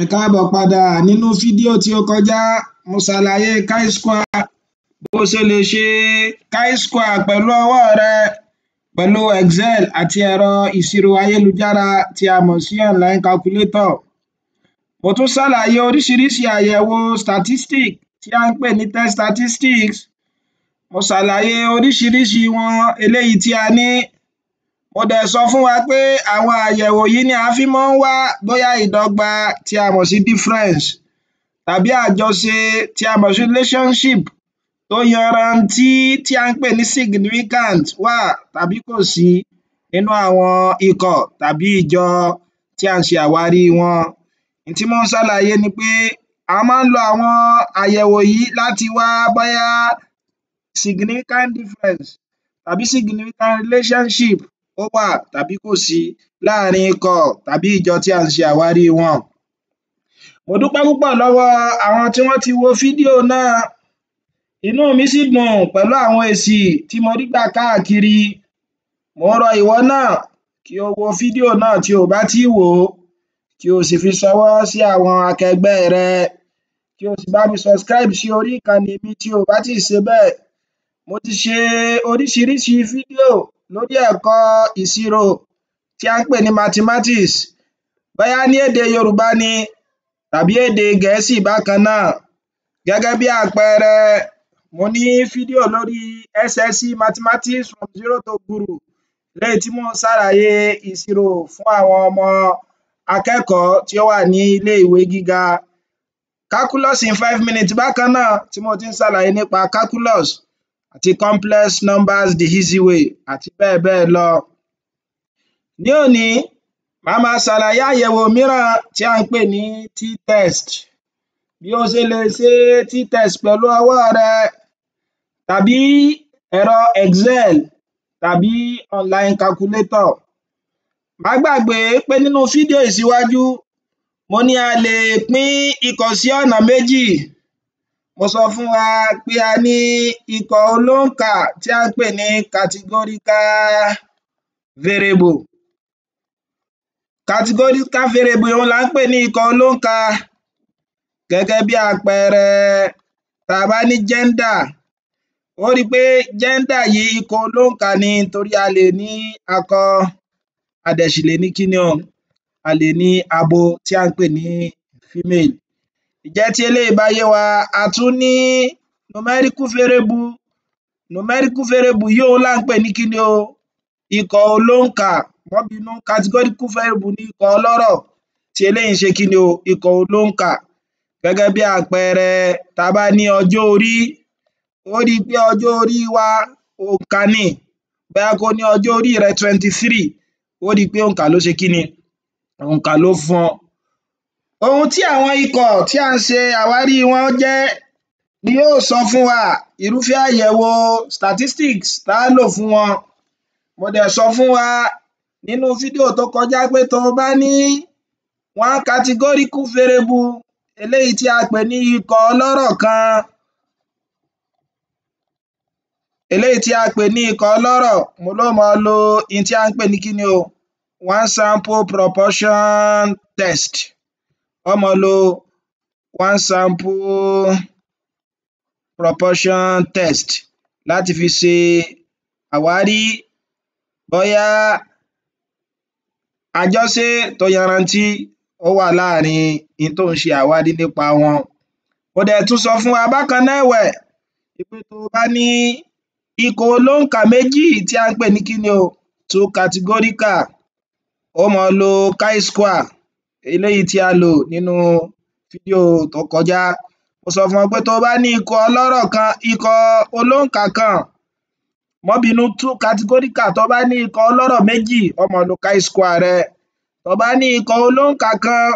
Ẹ káàbọ̀ padà nínú fídíò tí ó kọjá mo ṣàlàyé chi-square bó o ṣe lè ṣe chi pẹ̀lú ọwọ́ rẹ pẹ̀lú excel àti ẹ̀rọ ìṣirò ayélujára tí a mọ̀ sí online calculator. Mo tún ṣàlàyé oríṣiríṣi àyẹ̀wò statistic tí à ń pè ní test statistics mo ṣàlàyé oríṣiríṣi wọn eléyìí tí a ní Mo dẹ̀ sọ fún wa pé àwọn àyẹ̀wò yìí ni a fi mọ́ ń wá bóyá ìdọ́gba tí a mọ̀ sí difference tàbí àjọṣe tí a mọ̀ sí relationship tó yanrantí tí à ń pè ní significant wà tàbí kò sí nínú àwọn ikọ̀ tàbí ìjọ tí à ń ṣe àwárí wọn. Ohun tí mò ń ṣàlàyé ni pé a máa ń lo àwọn àyẹ̀wò yìí láti wá bóyá significant difference tàbí significant relationship ó wà tàbí kò sí láàrin ikọ̀ tàbí ìjọ tí à ń ṣe àwárí wọn. Mo dúpẹ́ púpọ̀ lọ́wọ́ àwọn tí wọ́n ti wo fídíò náà, inú mi sì dùn pẹ̀lú àwọn èsì tí mo rí gbà káàkiri. Mò rọ ìwọ náà kí o wo fídíò náà tí o ò bá tíì wò ó, kí o sì fi ṣọwọ́ sí àwọn akẹgbẹ́ rẹ, kí o sì bá mi subscribe sí orí ìkànnì mi tí o ò bá tíì ṣe bẹ́ẹ̀. Mo ti ṣe oríṣiríṣi fídíò lórí ẹ̀kọ́ ìṣirò tí à ń pè ní mathematics bóyá ní èdè Yorùbá ni tàbí èdè Gẹ̀ẹ́sì bákan náà. Gẹ́gẹ́ bí àpẹẹrẹ, mo ní fídíò lórí SSC mathematics from zero to guru léyìí tí mò ń ṣàlàyé ìṣirò fún àwọn ọmọ akẹ́kọ̀ọ́ tí ó wà ní ilé-ìwé gíga. Calculus in five minutes bákan náà tí mo ti ń ṣàlàyé nípa calculus àti complex numbers the easy way àti bẹ́ẹ̀ bẹ́ẹ̀ lọ. Ní òní, màá máa ṣàlàyé àyẹ̀wò mìíràn tí à ń pè ní t-test. Bí o ṣe lè ṣe t-test pẹ̀lú ọwọ́ rẹ tàbí ẹ̀rọ excel tàbí online calculator. Má gbàgbé pé nínú fídíò ìṣíwájú mo ní a lè pín ikọ̀ sí ọ̀nà méjì mo sọ fún wa pé a ní ikọ̀ olóǹkà tí à ń pè ní categorical variable. Categorical variable òhun là ń pè ní ikọ̀ olóǹkà gẹ́gẹ́ bí àpẹẹrẹ tá a bá ní gender ó ri pé gender yìí ikọ̀ olóǹkà ni torí a lè ní akọ a dẹ̀ sì lè ní kíni o a lè ní abo tí à ń pè ní female. Ǹjẹ́ tí eléyìí bá yé wa a tún ní numerical variable, numerical variable yìí òhun là ń pè ní kíni o? Ikọ̀ olóǹkà, má bínú categorical variable ni ikọ̀ ọlọ́rọ̀ tí eléyìí ń ṣe kíni o? Ikọ̀ olóǹkà. Gẹ́gẹ́ bí àpẹẹrẹ ta bá ní ọjọ́ orí, ó ri pé ọjọ́ orí wa òǹkà ni, bóyá kó ní ọjọ́ orí rẹ twenty three, ó ri pé òǹkà ló ṣe kíni? Òǹkà ló fún ọ. Ohun tí àwọn ikọ̀ tí à ń ṣe àwárí wọn jẹ́ ni yóò sọ fún wa irúfẹ́ àyẹ̀wò statistics tá ó lò fún wọn. Mo dẹ̀ sọ fún wa nínú fídíò tó kọjá pé to bá ní one categorical variable eléyìí tí a pè ní ikọ̀ ọlọ́rọ̀ kan eléyìí tí a pè ní ikọ̀ ọlọ́rọ̀ òhun ló máa lo n tí à ń pè ní kíni o one sample proportion test. Ọ́ ma lo one sample proportion test láti fi ṣe àwárí bóyá àjọṣe tó yanrantí ó wà láàrin in tó ń ṣe àwárí nípa wọn. Ó dẹ̀ tún sọ fún wa bákan náà ẹ̀wẹ̀ wí pé tó o bá ní ikọ̀ olóǹkà méjì tí à ń pè ní kíni o two categorical, ó ma lo chi square eléyìí tí a lò nínú fídíò tó kọjá mo sọ fún ọ pé tó o bá ní ikọ̀ ọlọ́rọ̀ kan ikọ̀ olóǹkà kan má bínú categorical tó o bá ní ikọ̀ ọlọ́rọ̀ méjì o lo chi-square rẹ tó o bá ní ikọ̀ olóǹkà kan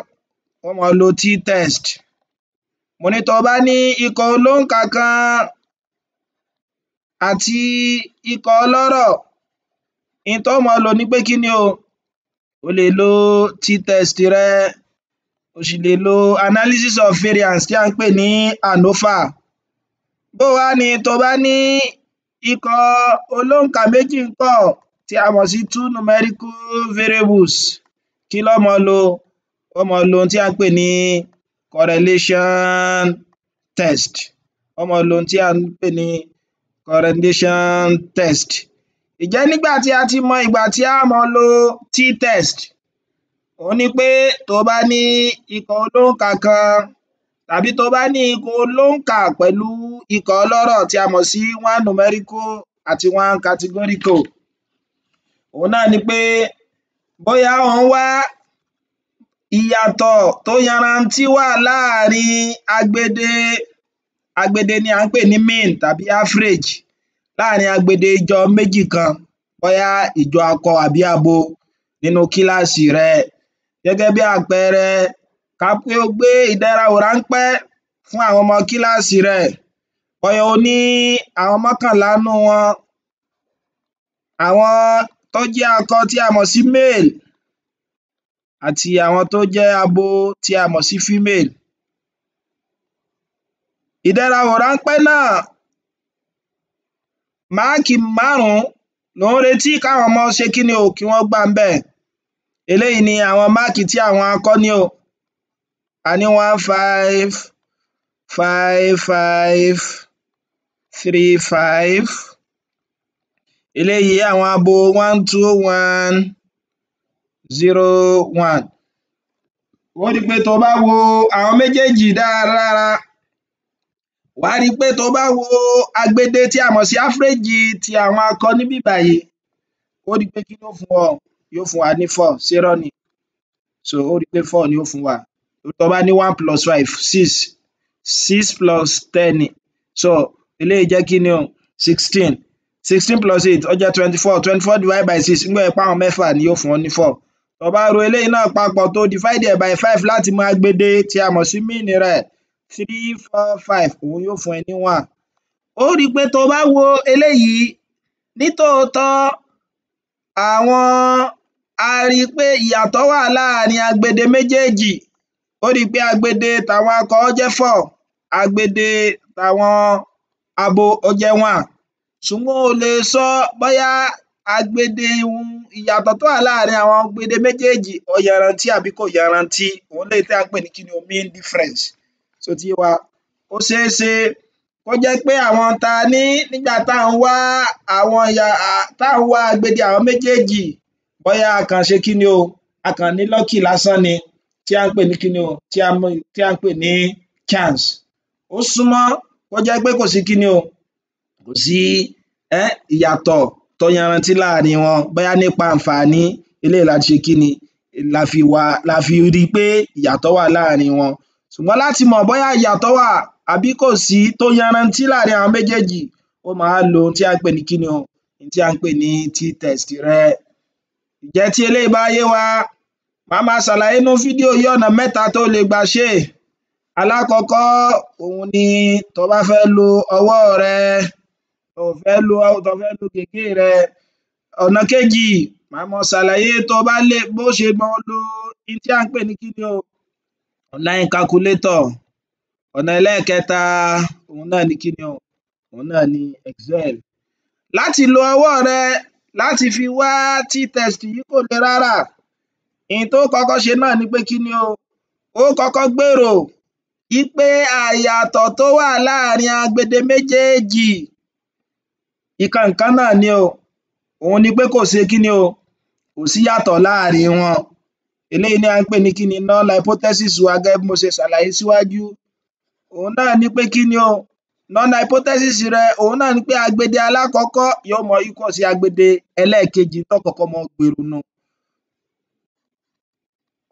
o lo t-test mo ní tó o bá ní ikọ̀ olóǹkà kan àti ikọ̀ ọlọ́rọ̀ ohun tó o máa lò ni pé kí ni o o lè lo t-test rẹ, o sì lè lo analysis of variance tí à ń pè ní ANOVA. Bó o wá ni to bá ní ikọ̀ olóǹkà méjì ńkọ́ tí a mọ̀ sí two numerical variables, kí lọ́ máa lò? Ó máa lo ohun tí à ń pè ní correlation test, ó máa lo ohun tí à ń pè ní correlation test. Ǹjẹ́ nígbà tí a ti mọ ìgbà tí a ó lo t-test òhun ni pé to bá ní ikọ̀ olóǹkà kan tàbí to bá ní ikọ̀ olóǹkà pẹ̀lú ikọ̀ ọlọ́rọ̀ tí a mọ̀ sí one numerical àti one categorical òhun náà ni pé bóyá ò wá ìyàtọ̀ tó yanrantí wà láàrin agbede, agbede ni à ń pè ní mean tàbí average láàrin agbede ijọ́ méjì kan bóyá ìjọ akọ àbí abo nínú kíláàsì rẹ gẹ́gẹ́ bí àpẹẹrẹ ká pé o gbé ìdánrawò ráńpẹ́ fún àwọn ọmọ kíláàsì rẹ bóyá o ní àwọn mọ́kànlá nínú wọn àwọn tó jẹ́ akọ tí a mọ̀ sí male àti àwọn tó jẹ́ abo tí a mọ̀ sí female. Ìdánrawò ráńpẹ́ náà máàkì márùn-ún ló ń retí káwọn ọmọ ṣe kí o kí wọ́n gbà ńbẹ̀ eléyìí ni àwọn máàkì tí àwọn akọ́ní o a one five five five three five eléyìí àwọn abo one two one zero one ó di pé tó bá wo àwọn méjèèjì dáradára wà á ri pé to bá wo agbédé tí a mọ̀ sí áfíréèjì ti àwọn akọ níbí báyìí ó ri pé kí ni fún ọ yó fún wa ní four ṣé ni so ó ri pé four ni ó fún wa tó bá ní one plus five six six plus ten so eléyìí jẹ́ kí ni o sixteen sixteen plus eight ó twenty four twenty four divided by six nígbà yẹn páwọn mẹ́fà ni yóò fún ọ ní four tó ro eléyìí náà papọ̀ tó divide by five láti mọ agbédé tí a mọ̀ sí míìnì rẹ̀ three four five òun yóò fún ẹ ní one ó rí i pé tó o bá wo eléyìí nítòótọ́ àwọn a rí i pé ìyàtọ̀ wà láàrin agbede méjèèjì ó rí i pé agbede tàwọn akọ ó jẹ́ four agbede tàwọn abo ó jẹ́ one ṣùgbọ́n o lè sọ bóyá agbede ìyàtọ̀ tó wà láàrin àwọn agbede méjèèjì ó yanrantí àbí kò yanrantí òun léyìí tí à ń pè ní kí ni o mean difference ṣó ti yé wa ó ṣeé ṣe kó jẹ́ pé àwọn tá a ní nígbà tá à ń wá àwọn tá à wá agbede àwọn méjèèjì bóyá a kí ni o a ní lucky lásán ni tí à ń pè ní kí ni o tí à ń pè ní chance ó súnmọ́ kó jẹ́ pé kò sí kí ni o kò sí um ìyàtọ̀ tó yanrantí láàrin wọn bóyá nípa àǹfààní eléyìí la ṣe kí ni la fi wá la fi rí i pé ìyàtọ̀ wà láàrin wọn ṣùgbọ́n láti mọ̀ bóyá ìyàtọ̀ wà àbí kò sí tó yanrantí láàrin àwọn méjèèjì ó máa lo ohun tí à ń pè ní kíni o ohun tí à ń pè ní t-test rẹ. Ǹjẹ́ tí eléyìí bá yé wa màá máa ṣàlàyé nínú fídíò yìí ọ̀nà mẹ́ta tó o lè gbà ṣe é. Alákọ̀ọ́kọ́ òhun ni tó o bá fẹ́ lo ọwọ́ rẹ o fẹ́ lo tó o fẹ́ lo gègé rẹ. Ọ̀nà kejì màá máa ṣàlàyé tó o bá lè bó ṣe máa lo ohun tí à ń pè ní kíni o online calculator. Ọ̀nà ẹlẹ́ẹ̀kẹta òhun náà ni kíni o? Òhun náà ni Excel. Láti lo ọwọ́ rẹ láti fi wá t-test yìí kò le rárá. Ohun tó o kọ́kọ́ ṣe náà ni pé kíni o? Ó kọ́kọ́ gbèrò wí pé àyàtọ̀ tó wà láàárín agbede méjéèjì ìkan náà ni o. Òhun ni pé kò se kíni o? Kò síyàtọ̀ láàárín wọn. Eléyìí ni à ń pè ní kíni Null hypothesis wa gẹ́gẹ́ bí mo ṣe ṣàlàyé síwájú òhun náà ni pé kíni o Null hypothesis rẹ òhun náà ni pé agbede alákọ̀ọ́kọ́ yóò mọ equal sí agbede ẹlẹ́ẹ̀kejì n tó kọ́kọ́ nù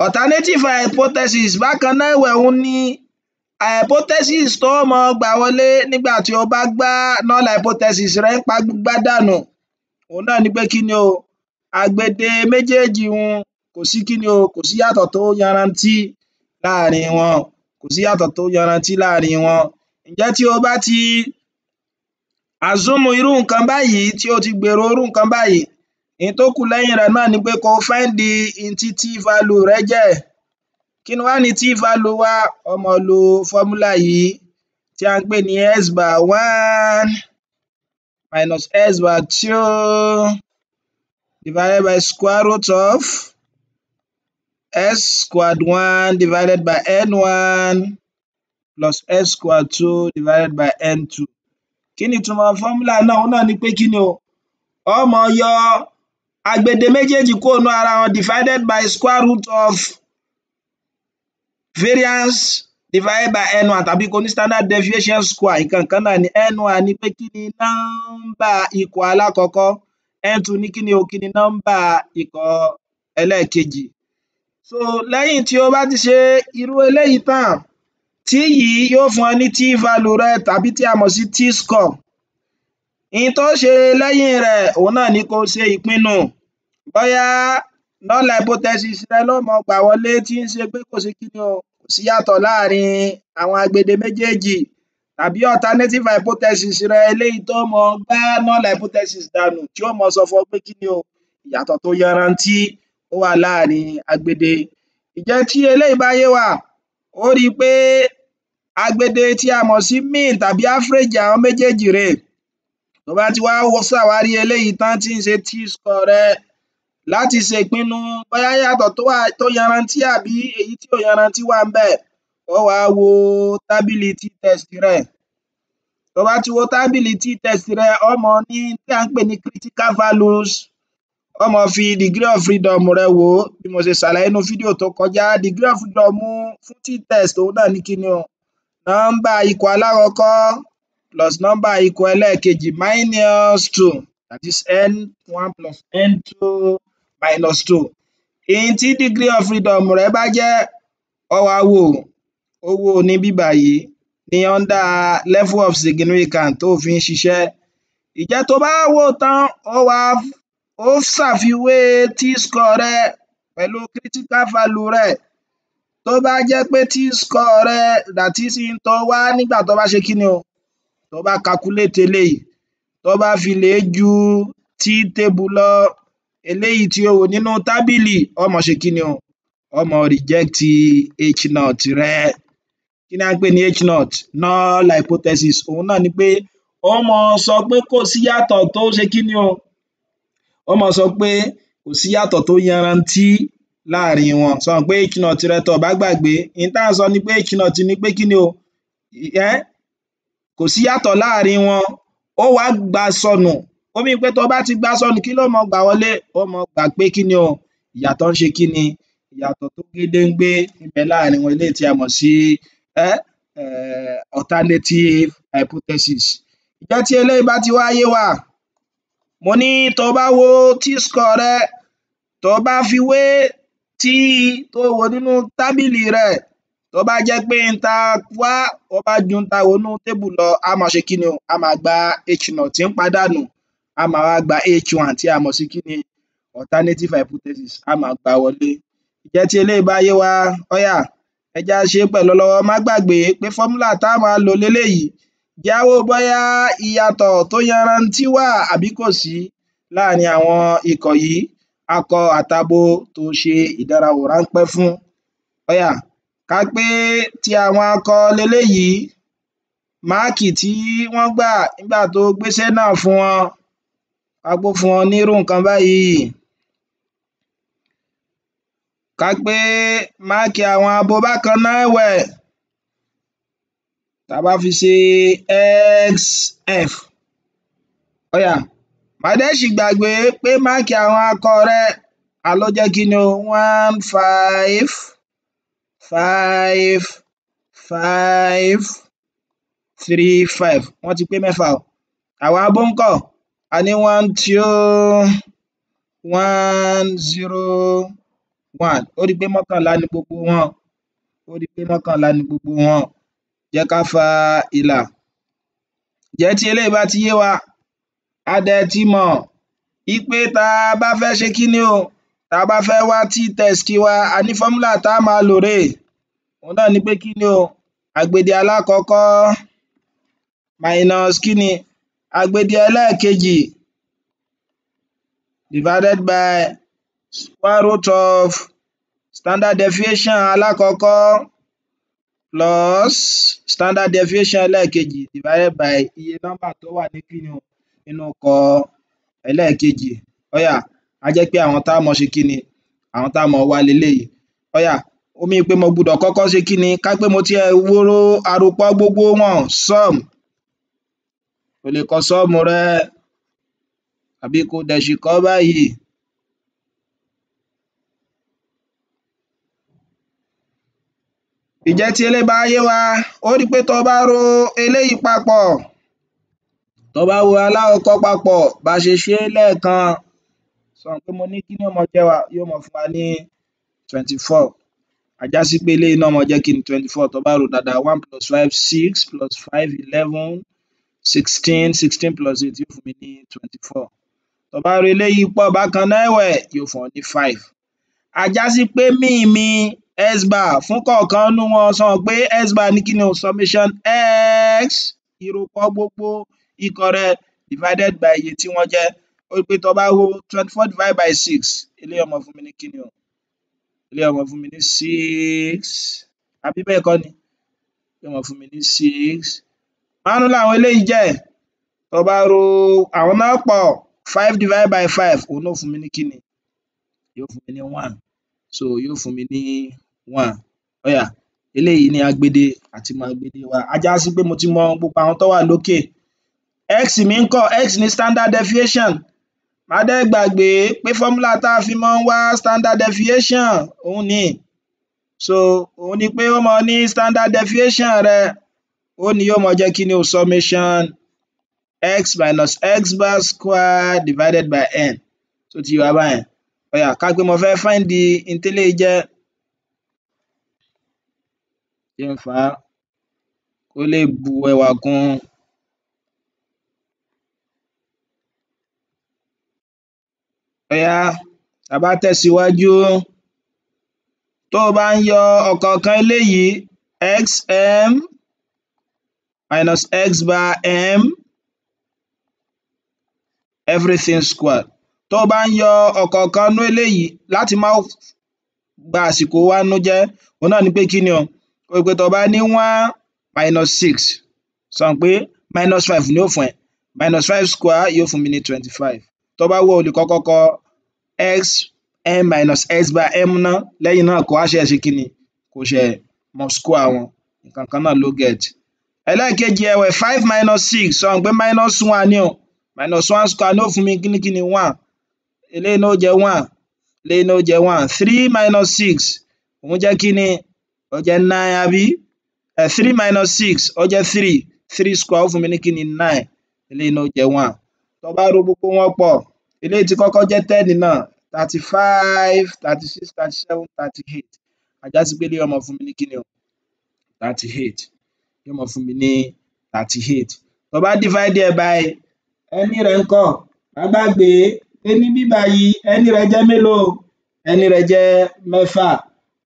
Alternative hypothesis bákan náà ẹ̀wẹ̀ òhun ni hypothesis tó mọ gbà wọlé nígbà tí o bá gbá Null hypothesis rẹ nípa gbígbá dànù òhun náà ni pé kíni o agbede méjéèjì un kò sí kíni o kò sí ìyàtọ̀ tó yanrantí láàrin wọn kò sí ìyàtọ̀ tó yanrantí láàrin wọn ǹjẹ́ tí o bá ti assume irú nǹkan báyìí tí o ti gbèrò irú nǹkan báyìí ohun tó kù lẹ́yìn rẹ̀ náà ni pé kó o find ohun tí t value jẹ́ kí ni wá ni t value wa ó máa lo formula yìí tí à ń pè ní x bar one minus s bar two divided by square root of s squared 1 divided by n1 plus s squared 2 divided by n2. Kini ni ìtumọ̀ fọ́múlà náà? Òun náà ni pé kí ni o? Ọmọ yọ agbede meje kúrò nínú ara divided by square root of variance divided by n1 tàbí kò standard deviation square Ikan kana náà ni n1 ni pe kini number nọ́mbà ikọ̀ alákọ̀ọ́kọ́ n2 ni kini ni o? Kí ni nọ́mbà ikọ̀ ẹlẹ́ẹ̀kejì? so lẹ́yìn tí o bá ti ṣe irú eléyìí tán t yìí yóò fún ẹ ní t value rẹ tàbí tí a mọ̀ sí t score ihun tó ṣe lẹ́yìn rẹ̀ òun náà ni kó o ṣe ìpinnu bóyá null hypothesis rẹ ló mọ gbà wọlé tí ń ṣe pé kò sí kíni o kò sí ìyàtọ̀ láàrin àwọn agbede méjèèjì tàbí alternative hypothesis rẹ eléyìí tó mọ gbá null hypothesis dànù tí ó mọ sọ fún ọ pé kíni o ìyàtọ̀ tó yanrantí ó wà láàrin agbede. Ǹjẹ́ tí eléyìí bá yé wa ó ri pé agbede tí a mọ̀ sí mean tàbí average àwọn méjéèjì rèé tó bá ti wá ṣàwárí eléyìí tán tí ń ṣe t-score rẹ láti ṣe ìpinnu bóyá ìyàtọ̀ tó wà tó yanrantí àbí èyí tí ò yanrantí wà ńbẹ̀ ó wá wo tábìlì t-test rẹ tó bá ti wo tábìlì t-test rẹ ó mọ ní ohun tí à ń pè ní critical values wọ́n mọ fi degree of freedom rẹ wo, ó bí mo ṣe ṣàlàyé nínú fídíò tó kọjá degree of freedom fún t-test òun náà ní kíni o nọ́mbà ikọ̀ alákọ̀ọ́kọ́ plus nọ́mbà ikọ̀ ẹlẹ́ẹ̀kejì minus two that is n one plus n two minus two èyí tí degree of freedom rẹ bá jẹ́ ọ wá wò owó ní bíbà yìí ní under level of significance tó fi ń ṣiṣẹ́ ìjẹ́ tó bá wò tán ó wá ó ṣàfiwé t score rẹ pẹ̀lú critical value rẹ̀ tó bá jẹ́ pé t score rẹ that is in tó wá nígbà tó bá ṣe kí ni o tó bá calculate eléyìí tó bá fi lè ju t table lọ eléyìí tí o wò nínú tábìlì ó máa ṣe kí ni o ó reject h not rẹ kí ni à pè ní h not null hypothesis òun náà ni pé ó máa sọ pé kò síyàtọ̀ tó ṣe kí ni o ó máa sọ pé kò sí ìyàtọ̀ tó yanrantí láàrin wọn sọ mọ̀ pé Akínnọ̀tì rẹ tó o bá gbàgbé ohun tá à sọ ni pé Akínnọ̀tì ni pé kí ni o um kò sí ìyàtọ̀ láàrin wọn ó wá gbà sọnù ó mean pé tó o bá ti gbà sọnù kí ló máa gbà wọlé ó máa gbà pé kí ni o ìyàtọ̀ ń ṣe kí ni ìyàtọ̀ tó gédéńgbé ń láàrin wọn eléyìí tí a mọ̀ sí um alternative hypothesis ǹjẹ́ tí eléyìí bá ti wá yé wa mo ní tó bá wo t-score rẹ tó bá fi wé t tó wò nínú tábìlì rẹ tó bá jẹ́ pé n ta wá ó bá ju n ta wò nínú tébù lọ á máa ṣe kíni o á máa gba h naught tí ń pàdánù á máa wá gba h one tí a mọ̀ sí kíni alternative hypothesis á máa gbá a wọlé ǹjẹ́ tí eléyìí bá yé wa ó yá ẹ jẹ́ á ṣe é pẹ̀lú ọlọ́wọ́ má gbàgbé pé fọ́múlà tá a máa lò leléyìí jáwó bóyá ìyàtọ̀ tó yanrantí wà àbí kò sí láàrin àwọn ikọ̀ yìí akọ àtabo tó ṣe ìdánrawò ráńpẹ́ fún óyá ká pé ti àwọn akọ leléyìí máàkì tí wọ́n gbà nígbà tó gbéṣẹ́ náà fún wọn ká fún wọn ní nǹkan báyìí ká pé máàkì àwọn abo bákan náà ẹ̀wẹ̀ tá a bá fi ṣe xf ó yá má dẹ̀ sì gbàgbé pé máàkì àwọn akọ rẹ a jẹ́ kí ni o one five five five three five wọ́n ti pé mẹ́fà o àwọn abó ńkọ́ a ní one two one zero one ó rí i pé mọ́kànlá ni gbogbo wọn ó rí i pé mọ́kànlá ni gbogbo wọn jẹ́ ká fa ìlà. Ǹjẹ́ tí eléyìí bá ti yé wa, a dẹ̀ ti mọ̀ í pé ta bá fẹ́ ṣe kíni o, ta bá fẹ́ wá t-test wa, a ní fọ́múlà tá á máa lò rèé, òhun náà ni pé kíni o, àgbèdè alákọ̀ọ́kọ́ minus kíni, àgbèdè ẹlẹ́ẹ̀kejì divided by square root of standard deviation alákọ̀ọ́kọ́ plus standard deviation ẹlẹ́ẹ̀kejì divided by iye nọ́mbà tó wà ní kíni o nínú ikọ̀ ẹlẹ́ẹ̀kejì ó yá á jẹ́ pé àwọn tá mọ ṣe kíni àwọn tá mọ wá leléyìí ó yá ó mean pé mo gbudọ̀ kọ́kọ́ ṣe kíni ká pé mo tiẹ̀ ro àròpọ̀ gbogbo wọn sum o lè kọ sọ́ọ̀mù rẹ àbí ko dẹ̀ ṣì kọ báyìí Ìjẹ́ tí eléyìí bá yé wa ó ri pé tó bá ro eléyìí papọ̀ tó bá ro alákọ̀ọ́kọ́ papọ̀ bá ṣe ṣé lẹ́ẹ̀kan ṣe pé mo ní kíní yó mọ jẹ́ wa yó mọ fún wa ní twenty four á já sí pé eléyìí náà mọ jẹ́ kíni twenty four tó bá rò dáadáa one plus five six plus five eleven sixteen sixteen plus eight yó fún mi ní twenty four tó bá ro eléyìí pọ̀ bákan náà ẹ̀wẹ̀ yó fún ọ ní five á já sí pé míì mi xbar fún kọ̀ọ̀kan nínú wọn sọ pé xbar ní kíni o summation x ìròpọ̀ gbogbo ikọ̀ rẹ divided by iye tí wọ́n jẹ́ ó pé tó bá wo twenty four divided by six eléyìí ó máa fún mi ní kíni o eléyìí ó fún mi ní six àbí bẹ́ẹ̀ kọ́ ni yóò máa fún mi ní six márùn-ún làwọn eléyìí jẹ́ tó bá ro àwọn náà pọ̀ five divided by five òun náà ó fún mi ní kíni yóò fún mi ní one so yóò fún mi ní one óyá eléyìí ni agbede àti magbede wa á já sí pé mo ti mọ gbogbo àwọn tó wà lókè x mi ńkọ́ x ni standard deviation má dẹ̀ gbàgbé pé fọ́múlà tá a fi mọ́ ń wá standard deviation òun ni so òun ni pé ó mọ ní standard deviation rẹ ó ní yóò mọ jẹ́ kí ni o summation x minus x bar squared divided by n tó ti wá báyẹn óyá ká pé mo fẹ́ find the n téléyìí jẹ́ tí ń fà á kó lè bu ẹwà kún Bóyá ta bá tẹ̀síwájú tó o bá ń yọ ọ̀kọ̀ọ̀kan eléyìí x m minus x bar m everything squared tó o bá ń yọ ọ̀kọ̀ọ̀kan nínú eléyìí láti má ba àsìkò wa nínú jẹ́ òhun náà ni pé kí ni o ó rí pé tó bá ní one minus six sọ pé minus five ni yóò fún ẹ minus five square yóò fún mi ní twenty five tó bá wọ o lè kọ x m minus x by m ná lẹ́yìn náà kó àṣẹ ṣe kí ni kó ṣe mọ square wọn nǹkan kan náà ló get ẹlẹ́ẹ̀kejì ẹ̀wẹ̀ five minus six sọ pé minus one ni o minus one square ní ó fún mi kí ni kí ni one eléyìí ní ó jẹ́ one eléyìí ní ó jẹ́ one three minus six òun jẹ́ kí ni ó jẹ́ nine àbí eh, three minus six ó jẹ́ three three square ó fún mi ní kí ni nine eléyìí náà ó jẹ́ one tó bá ro gbogbo wọn pọ̀ eléyìí tí kọ́kọ́ jẹ́ ten náà thirty five thirty six thirty seven thirty eight ajá sí pé eléyìí ó fún mi ní kí ni o thirty eight yóò máa fún mi ní thirty eight tó bá divide ẹ̀ by ẹni rẹ̀ ńkọ́ a bá gbé e ní bíbá yìí ẹni rẹ̀ jẹ́ mélòó ẹni rẹ̀ jẹ́ mẹ́fà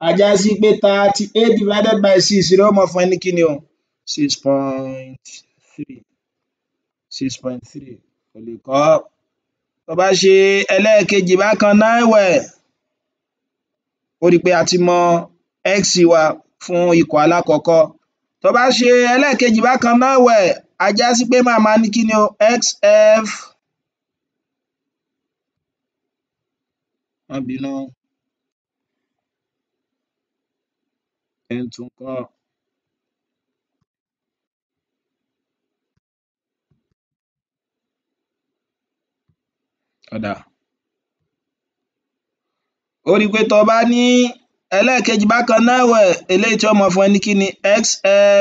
a já sí pé thirty eight divided by six ló mọ̀ fún ẹ kíni o six point three six point three kò lè kọ́ tó bá ṣe ẹlẹ́ẹ̀kejì bákan náà ẹ̀wẹ̀ ó rí i pé a ti mọ x wa fún ikọ̀ alákọ̀ọ́kọ́ tó bá ṣe ẹlẹ́ẹ̀kejì bákan náà ẹ̀wẹ̀ a já sí pé màá máa ní kíni o xf má bínú Entzun ko! Ọ̀dà ó ri pé tó o bá ní ẹlẹ́ẹ̀kejì bákan náà ẹ̀wẹ̀ eléyìí tí yóò máa fún ẹ kí ni x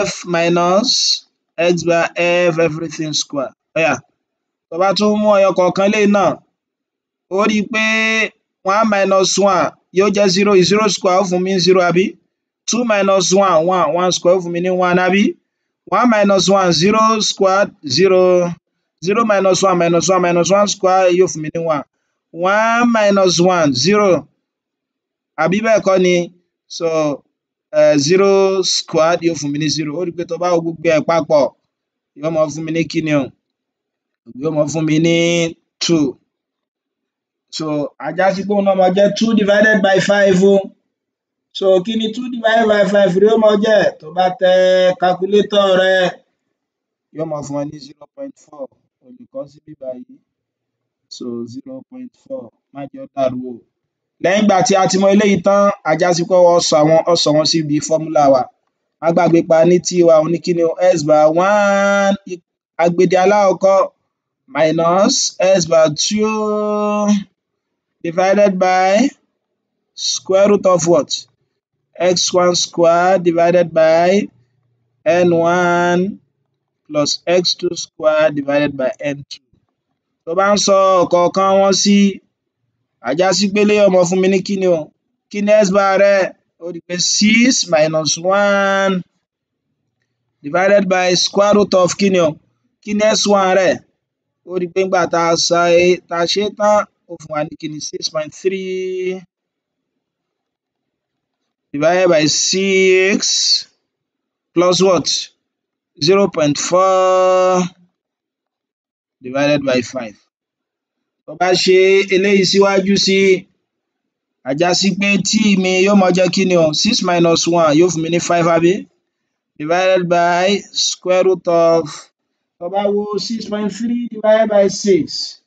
f minus x by f everything square ó yá tó o bá tún mú ẹyọ kọ̀ọ̀kan eléyìí náà ó pé one minus one yóò jẹ́ zero zero square ó fún mi ní zero àbí two minus one one one square ó fún mi ní one àbí one minus one zero square zero zero minus one minus one minus one square yóò fún mi ní one one minus one zero Abi bẹ́ẹ̀ kọ́ so uh, zero square yóò fún mi ní zero ó rí i pé tó bá wo gbogbo ẹ̀ papọ̀ yóò máa fún mi ní two so I just go number náà two divided by five so kí ni two divided by five rèé ó mọ jẹ́ tó bá tẹ calculator rẹ yóò mọ fún ẹ ní zero point four olùkọ́ síbí báyìí so zero point four má jẹ́ ó dàrú o lẹ́yìn ìgbà tí a ti mọ eléyìí tán ajá sí pé wọ́n sọ àwọn ọ̀sọ̀ wọn síbi fọ́múlà wa a gbàgbé pa ní tí wa òun ní kí ni o x bar one agbede alákọ̀ọ́kọ́ minus x bar two divided by square root of what x1 squared divided by n1 plus x2 squared divided by n2. Tó bá ń sọ ọ̀kọ̀ọ̀kan wọn sí a já sí pé eléyìí fún mi ní kíni o kí ni x bar rẹ̀ ó di pé six minus one divided by square root of kíni o kí ni x1 rẹ̀ o di pé nígbà e, tá a ṣe tá a ṣe tán ó fún wa ní kíni six point three divided by 6 plus what? 0 0.4 divided by 5. Tó bá ṣe eléyìí síwájú sí i, àjá sí pé tí mi yóò máa jẹ́ kí ni o? 6 minus 1 yóò fún mi ní 5 àbí? divided by square root of tó bá wo 6.3 divided by 6.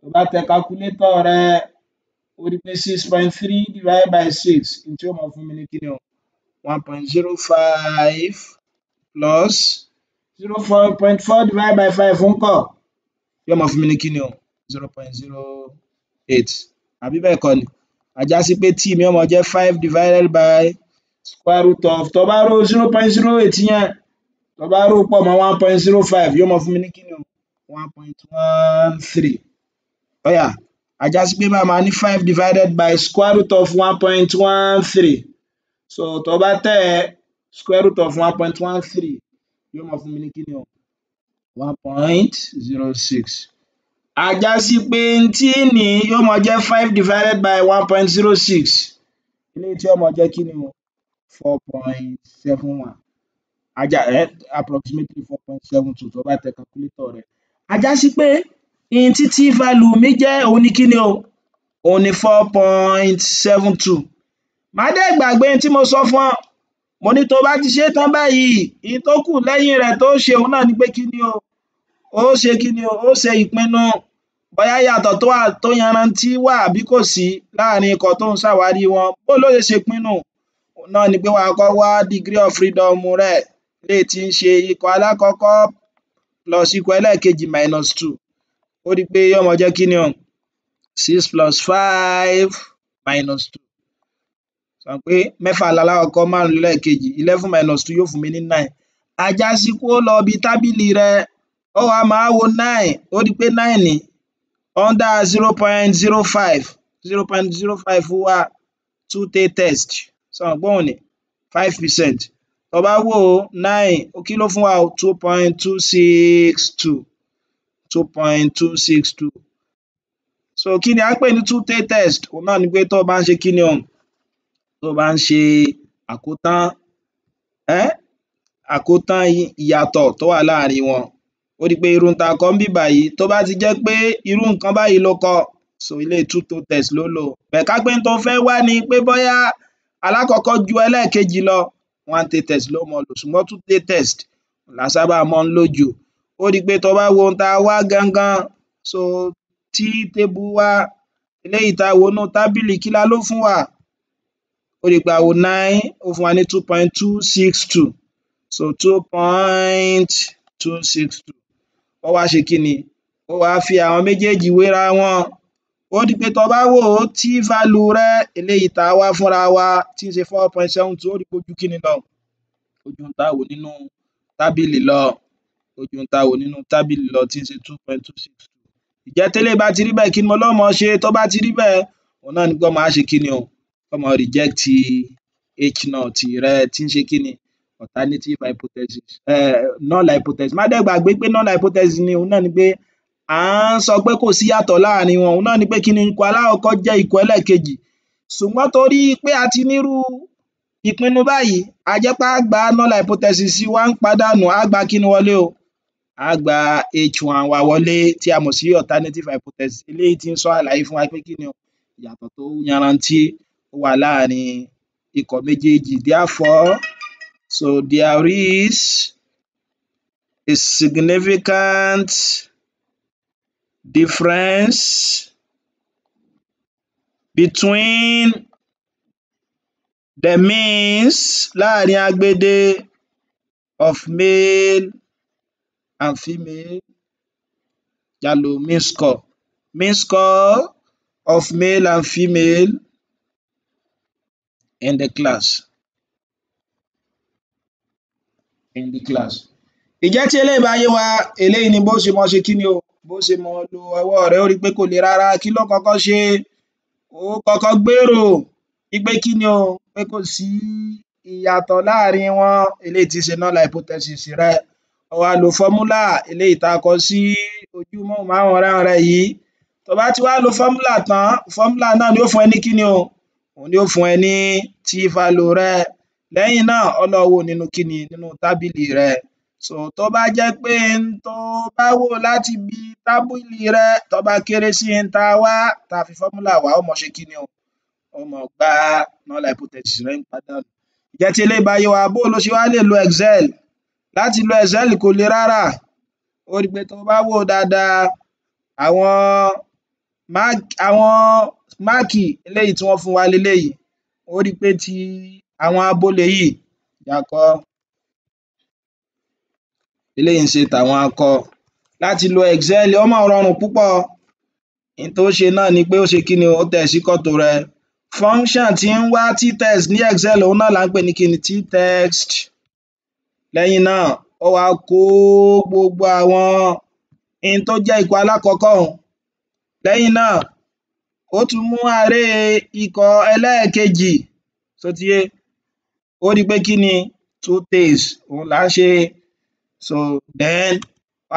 Tó bá tẹ calculator rẹ wọ́n rí pé divided by 6 in tí of máa fún mi ní plus zero divided by 5, ńkọ́ yóò máa fún mi ní kíni o zero point zero eight àbí bẹ́ẹ̀ kọ́ ni àjá sí pé t mi ó máa jẹ́ divided by square root of To bá rò zero point zero eight yẹn tó bá rò pọ̀ mọ́ one point mi ní kíni o one point Oh, yeah. I just pé my máa ní divided by square root of 1.13. so tó bá square root of 1.13. You one three yóò máa fún mi ní kíni o one point zero divided by 1.06. point zero six eléyìí tí yóò máa jẹ́ kíni o four point seven approximately four point seven two calculator rẹ ajá sí ihun tí t value mi jẹ́ òun ni kíni o òun ni four point seven two má dẹ̀ gbàgbé ohun tí mo sọ fún ọ mo ní tó o bá ti ṣe é tán báyìí ihun tó kù lẹ́yìn rẹ̀ tó o ṣe òun náà ni pé kíni o ó ṣe kíni o ó ṣe ìpinnu bóyá ìyàtọ̀ tó yanrantí wà àbí kò sí láàrin ikọ̀ tó ń ṣàwárí wọn bó ló ṣe ṣèpinnu òun náà ni pé wàá kọ́kọ́ wá degree of freedom rẹ̀ eléyìí tí ń ṣe ikọ̀ alákọ̀ọ́kọ́ plus ikọ̀ ẹlẹ́ẹ̀kejì minus two ó ri pé yó ma jẹ́ kíni o six plus five minus two sọ pé mẹ́fà lalákọ̀ọ́kọ́ márùn lẹlẹ́ẹ̀kejì eleven minus two yóò fún mi ní nine àjàṣí kó lọ ibi tábìlì rẹ ó wá máa wo nine ó ri pé nine under zero point zero five zero point zero five wà two tay test sọ pé òun ni five percent tó bá wò ó nine kí ló fún wa o two point two six two two point two six two so kí ni à ń pè ní two tailed test òhun náà ni pé tó o bá ń ṣe kí ni o tó o bá ń ṣe àkótán um àkótán ìyàtọ̀ tó wà láàrin wọn ó di pé irú ohun tá a kọ níbí báyìí tó bá ti jẹ́ pé irú nǹkan báyìí lo kọ so eléyìí two tailed test ló lò bẹ́ẹ̀ ká pé ohun tó fẹ́ wá ni pé bóyá alákọ̀ọ́kọ́ ju ẹlẹ́ẹ̀kejì lọ one tailed test ló mọ lò ṣùgbọ́n two tailed test la sábà mọ́ ń lò jù ó ri pé tó bá wo ohun tá a wá gangan so tí tébù wa eléyìí tá a wò nínú tábìlì kí la ló fún wa ó ri pé a wo nine ó fún wa ní two point two six two so two point two six two ó wá ṣe kí ni ó wá fi àwọn méjèèjì wéra wọn ó di pé tó bá wò ó tí value rẹ eléyìí tá a wá fúnra wa tí ń ṣe four point seven two ó rí pé ó ju kí ni lọ ó ju tá a wò nínú tábìlì lọ ó ju ohun tá a wò nínú tábìlì lọ tí ń ṣe two point two six two ìjẹ́ tẹ́lẹ̀ bá ti rí bẹ́ẹ̀ kí ni mo lọ́ mọ̀ ṣe tó bá ti rí bẹ́ẹ̀ òun náà ni kó máa ṣe kí o kó máa reject h naught rẹ tí ń ṣe kí ni alternative hypothesis um null hypothesis má dẹ̀ gbàgbé pé null hypothesis ni òun náà ni pé à ń sọ pé kò sí ìyàtọ̀ láàrin wọn òun náà ni pé kí ikọ̀ alákọ̀ọ́kọ́ jẹ́ ikọ̀ ẹlẹ́ẹ̀kejì ṣùgbọ́n torí pé a ti nírú ìpinnu báyìí a jẹ́ pé á gba null hypothesis wa ń pàdánù á gba kí wọlé o á gba H1 wa wọlé tí a mọ̀ sí alternative hypothesis eléyìí tí ń sọ àlàyé fún wa pé kí ni o ìyàtọ̀ tó yanrantí ó wà láàrin ikọ̀ méjéèjì therefore so there is a significant difference between the means láàrin agbede of male and female yálò mean score, mean score of male and female in the class in the class ìjẹ́ tí eléyìí bá yé wa eléyìí ni bó ṣe mọ ṣe kí ni o bó ṣe mọ lo ọwọ́ rẹ̀ ó rí i pé kò le rárá kí ló kọ́kọ́ ṣe ó kọ́kọ́ gbèrò wípé kí ni o pé kò sí ìyàtọ̀ láàrin wọn eléyìí tí í ṣe null hypothesis rẹ̀ wa lo fọ́múlà eléyìí tá a kọ sí ojú móhùnmáwòrán rẹ yìí tó bá ti wá lo fọ́múlà tán fọ́múlà náà ni ó fún ẹ ní kíni o òun ni ó fún ẹ ní t value rẹ lẹ́yìn náà ó nínú kíni nínú tábìlì rẹ so tó bá jẹ́ pé n tó bá wò láti ibi tábìlì rẹ tó bá kéré sí n tá a wá tá a fi fọ́múlà wá ó mọ ṣe kíni o ó mọ gbá null hypothesis rẹ ń padà ǹjẹ́ tí eléyìí bá wa bó o ló ṣe wá lè lo excel Láti lo Excel kò le rárá ó ri pé to bá wò ó dáadáa àwọn máàkì eléyìí tí wọ́n fún wa leléyìí ó ri pé ti àwọn abolè yìí akọ eléyìí ń ṣe tàwọn akọ. Láti lo Excel ó rọrùn púpọ̀ ohun tó ṣe náà ni pé ó ṣe kíni o ó tẹ ìsíkọ́tò rẹ. Function tí ń wá ttext ní Excel òhun náà là ń pè ní kíni ttext lẹ́yìn náà ó wá kó gbogbo àwọn ohun tó jẹ́ ikọ̀ alákọ̀ọ́kọ́ ọ̀hún lẹ́yìn náà ó tún mú aré ikọ̀ ẹlẹ́ẹ̀kejì ṣó yé ó rí pé kí ni two tails òun là á ṣe so then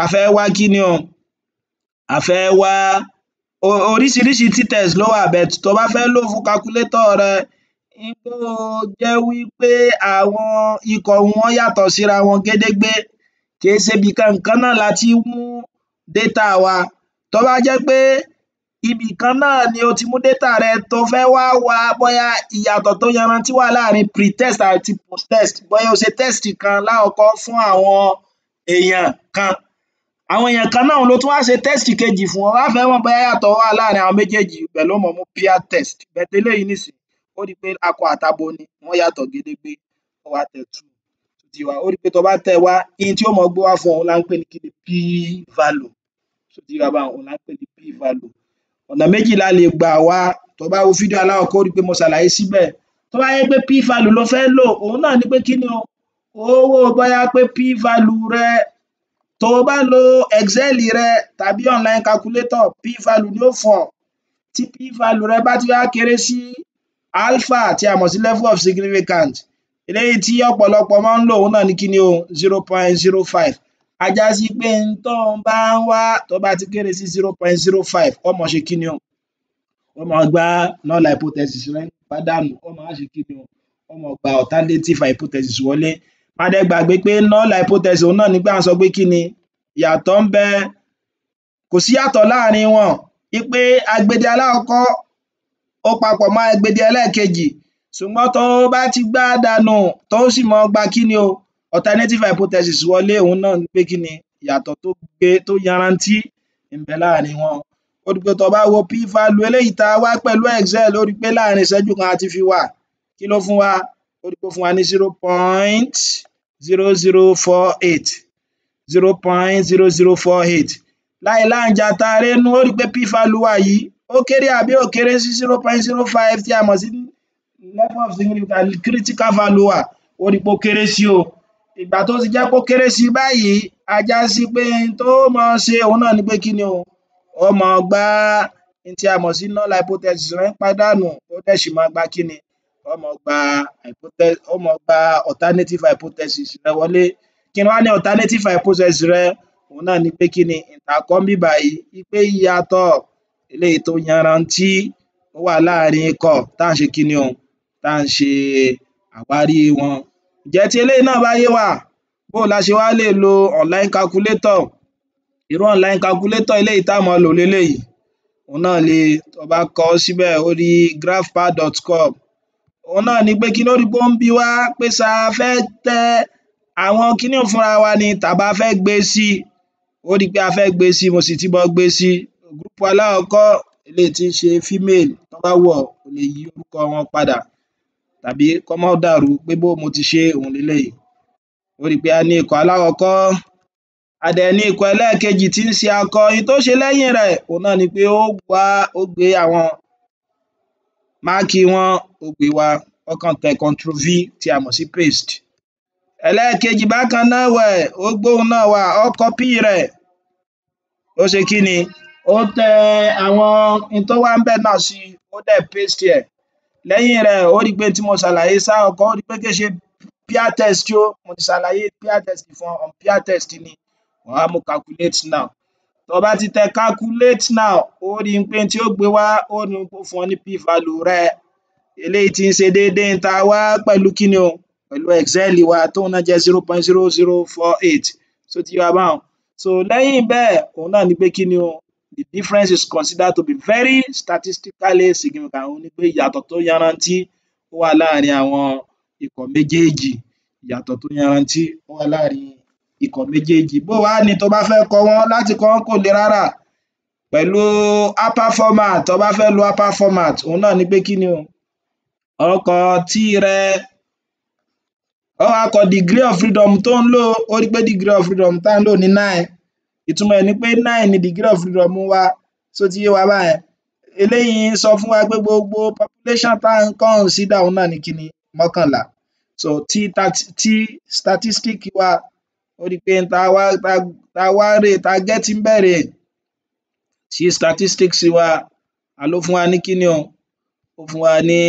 a fẹ́ wá kí ni o a fẹ́ wá oríṣiríṣi títẹ̀ ló wà but tó bá fẹ́ lò fún calculator rẹ tó jẹ́ wí pé àwọn ikọ̀ wọn yàtọ̀ síra wọn gédégbé kì í ṣe ibìkan kan náà la ti ń mú data wa tó bá jẹ́ pé ibìkan náà ni o ti mú data rẹ to fẹ́ wá wa bóyá ìyàtọ̀ tó yanrantí wà láàrin pre-test àti post-test bóyá o ṣe test kan lákọ̀ọ́kọ́ fún àwọn èèyàn kan àwọn èèyàn kan náà ló tún wá ṣe test kejì fún ọ wá fẹ́ mọ̀ bóyá ìyàtọ̀ wà láàrin àwọn méjèèjì ibẹ̀ ló mọ̀ mú peer test bẹ̀t eléyìí nísìnyí ó ri pé akọ àtabo ni wọ́n yàtọ̀ gedegbe ó wá tẹ two ó ti yé wa ó ri pé tó bá tẹ wá in tí ó mọ gbé wá fún ọ òhun là ń pè ní kíni p value ṣó ti wa báhun òhun là ń pè ní p value. Ọ̀nà méjì la lè gbà wá tó bá wo fídíò alákọ̀ọ́kọ́ ó ri pé mo ṣàlàyé síbẹ̀ tó bá jẹ́ pé p value lo fẹ́ lò òhun náà ni pé kíni o ó wò bóyá pé p value rẹ tó o bá lo excel rẹ tàbí online calculator p value ni ó fún ọ tí p value rẹ bá ti wá kéré sí alpha tí a mọ̀ sí level of significant eléyìí tí ọ̀pọ̀lọpọ̀ máa ń lò òun náà ní kíni o zero point zero five ajá sí pé n tó ń bá ń wá tó bá ti kéré sí zero point zero five ó mọ̀ ṣe kíni o ó mọ̀ gba null hypothesis rẹ pàdánù ó mọ̀ ṣe kíni o ó gba alternative hypothesis wọlé má gbàgbé pé null hypothesis òun náà nígbà sọ pé kíni ìyàtọ̀ ń bẹ kò sí yàtọ̀ láàrin wọn ipe agbede alákọ̀ọ́kọ́ ó papọ̀ mọ́ agbede ẹlẹ́ẹ̀kejì ṣùgbọ́n tó o bá ti gbá dànù tó o sì mọ́ gba kí ni o alternative hypothesis wọlé òun náà ni pé kí ni ìyàtọ̀ tó gbé tó yanrantí ń bẹ láàrin wọn ó di tó bá wo p value eléyìí tá a wá pẹ̀lú excel ó rí i pé láàrin ìṣẹ́jú kan a ti fi wà kí ló fún wa ó rí fún wa ní zero point zero zero four eight zero point zero zero four eight láìláǹjà tá a rénú ó rí i pé p value wà yìí ó kéré àbí ó kéré sí zero point zero five tí a mọ̀ sí level of significant critical value wa ó rí pé ó kéré sí o ìgbà tó ti jẹ́ pé ó kéré sí báyìí a sí pé tó máa ṣe òun náà ni pé kí ni o ó máa gbá n tí a mọ̀ sí null hypothesis rẹ̀ pàdánù ó dẹ̀ sì máa gba kí ni ó máa gba hypothesis ó máa gba alternative hypothesis rẹ wọlé kí ni wá ní alternative hypothesis rẹ òun náà ni pé kí ni ìtàkọ́ ń bíbà yìí pé ìyàtọ̀ eléyìí tó yanrantí ó wà láàrin ikọ̀ tá ń ṣe kíni o tá ń ṣe àwárí wọn. Ǹjẹ́ tí eléyìí náà bá yé wa bó la ṣe wá lè lo online calculator irú online calculator eléyìí tá mọ́ lò leléyìí òhun náà le tó bá kọ ọ́ síbẹ̀ orí graphpad.com òhun náà ni pé kí ló rí pé ń bi wá pé ṣá a fẹ́ tẹ àwọn kiní un fúnra wa ni tàbí a fẹ́ gbé sí ó rí pé a fẹ́ gbé sí mo sì ti bọ́ gbé sí gúrúpù alákọ́kọ́ eléyìí tí ń ṣe female tán bá wọ̀ kò lè yí orúkọ wọn padà tàbí kán má dàrú pé bó mo ti ṣé òhun leléyìí ó rí pé a ní ikọ̀ alákọ́kọ́ a dẹ̀ ní ikọ̀ ẹlẹ́ẹ̀kejì tí ń ṣe akọ in tó ṣe lẹ́yìn rẹ̀ òhun náà ni pé ó wá ó gbé àwọn máàkì wọn ó gbé wá wọ́n kàn tẹ control v tí a mọ̀ sí paste ẹlẹ́ẹ̀kejì bákan náà ẹ̀wẹ̀ ó gbé náà wá ó copy rẹ̀ ó ṣe kíni ó tẹ àwọn ohun tó wà ńbẹ̀ náà si ó dẹ̀ paste ẹ̀ lẹ́yìn rẹ̀ ó rí i pé tí mo ṣàlàyé sáà kan ó rí i pé kì í ṣe peer test o mo ti ṣàlàyé peer test fún ọ unpeer test ni wàá mú calculate now tó o bá ti tẹ calculate now ó rí i pé tí ó gbé wá ó ní kó fún ọ ní p value rẹ eléyìí tí ń ṣe déédéé ń ta wá pẹ̀lú kíni o pẹ̀lú excel wa tóun náà jẹ́ zero point zero zero four eight tó ti yé wa so lẹ́yìn bẹ́ẹ̀ òun náà ni pé kíni o the difference is considered to be very statistically significant òhun ni pé ìyàtọ̀ tó yanrantí ó wà láàrin àwọn ikọ̀ méjéèjì ìyàtọ̀ tó yanrantí ó wà láàrin ikọ̀ méjéèjì bó o wá ni tó o bá fẹ́ kọ wọ́n láti kọ wọ́n kò le rárá pẹ̀lú upper format tó o bá fẹ́ lo upper format òhun náà ni pé kí ni o o kọ tírẹ degree of freedom tó ń lò ó rí pé degree of freedom tá à ń lò ní nine ìtumọ̀ ẹ̀ ni pé nine ni degree of freedom wa ṣó ti yé wa báyẹn eléyìí sọ fún wa pé gbogbo population tá à ń consider òun náà ni kí ni mọ́kànlá so tí tí statistic wa ó rí pé tá wá tá wá rè tá a bẹ̀rẹ̀ tí statistics wa a ló fún wa ní kí ni o ó fún wa ní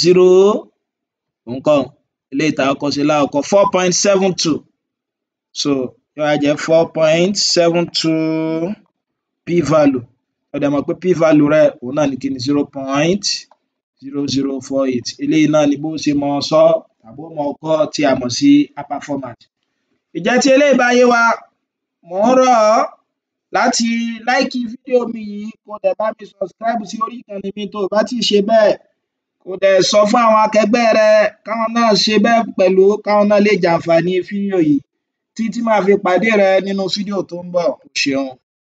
zero nǹkan eléyìí tá a kọ sí láàkọ four point seven two so yó wá jẹ́ four point seven two p-value ẹ dẹ̀ mọ̀ pé p-value rẹ̀ òun náà ni kí ni zero point zero zero four eight eléyìí náà ni bó ṣe mọ sọ tàbí ó mọ ọkọ tí a mọ̀ sí upper format ìjẹ́ tí eléyìí bá yé wa mò ń rọ̀ ọ́ láti láìkí fídíò mi yìí kó dẹ̀ bá mi subscribe sí orí ìkànnì mi tó o bá ti ṣe bẹ́ẹ̀ kó dẹ̀ sọ fún àwọn akẹgbẹ́ rẹ káwọn náà ṣe bẹ́ẹ̀ pẹ̀lú káwọn náà lè jàǹfààní fídíò yìí títí máa fi pàdé rẹ nínú fídíò tó ń bọ̀ o ṣeun